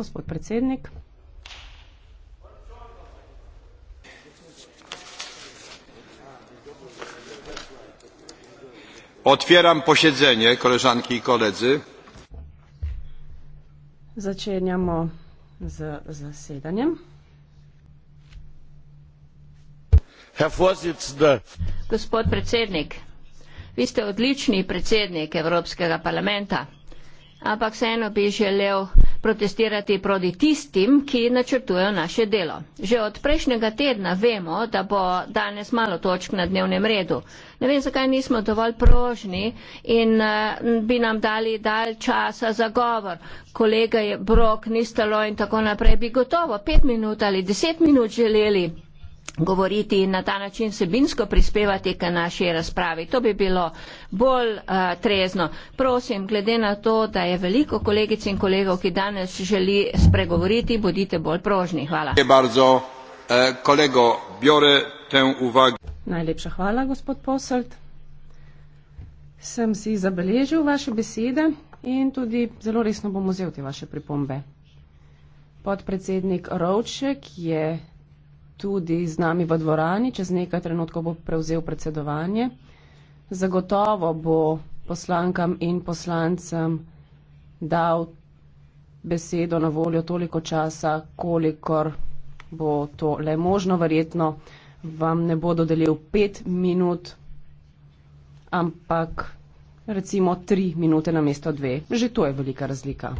gospod predsednik. Otvaram posedenje, koležanki in koledzi. Začenjamo z zasedanjem. Gospod predsednik, vi ste odlični predsednik Evropskega parlamenta, ampak vseeno bi želel protestirati proti tistim, ki načrtujejo naše delo. Že od prejšnjega tedna vemo, da bo danes malo točk na dnevnem redu. Ne vem, zakaj nismo dovolj prožni in uh, bi nam dali dalj časa za govor. Kolega je brok, nistalo in tako naprej, bi gotovo pet minut ali deset minut želeli govoriti in na ta način sebinsko prispevati k naši razpravi. To bi bilo bolj uh, trezno. Prosim, glede na to, da je veliko kolegic in kolegov, ki danes želi spregovoriti, bodite bolj prožni. Hvala. Bardzo, eh, kolego, bjore, Najlepša hvala, gospod Poselt. Sem si zabeležil vaše besede in tudi zelo resno bom vzel te vaše pripombe. Podpredsednik Rovček je tudi z nami v dvorani, čez nekaj trenutkov bo prevzel predsedovanje. Zagotovo bo poslankam in poslancem dal besedo na voljo toliko časa, kolikor bo to le možno. Verjetno vam ne bo dodelil pet minut, ampak recimo tri minute na mesto dve. Že to je velika razlika.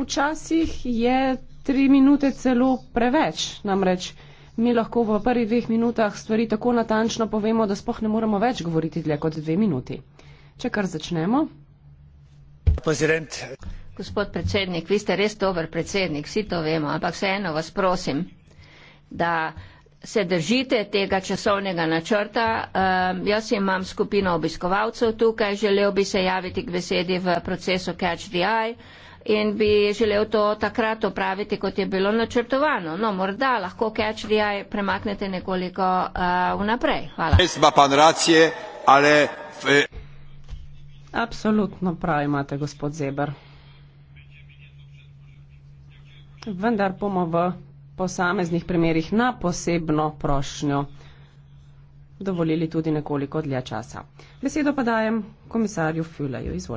Včasih je tri minute celo preveč. Namreč mi lahko v prvih dveh minutah stvari tako natančno povemo, da spoh ne moremo več govoriti dlje kot dve minuti. Če kar začnemo. President. Gospod predsednik, vi ste res dober predsednik, vsi to vemo, ampak vseeno vas prosim, da se držite tega časovnega načrta. Um, jaz imam skupino obiskovalcev tukaj, želel bi se javiti k besedi v procesu Catch the Eye in bi želel to takrat opraviti, kot je bilo načrtovano. No, morda lahko Catch the Eye premaknete nekoliko uh, vnaprej. Hvala. Eh, Absolutno prav imate, gospod Zeber. Vendar bomo v posameznih primerjih na posebno prošnjo dovolili tudi nekoliko dlje časa. Besedo pa dajem komisarju Füleju. Izvolite.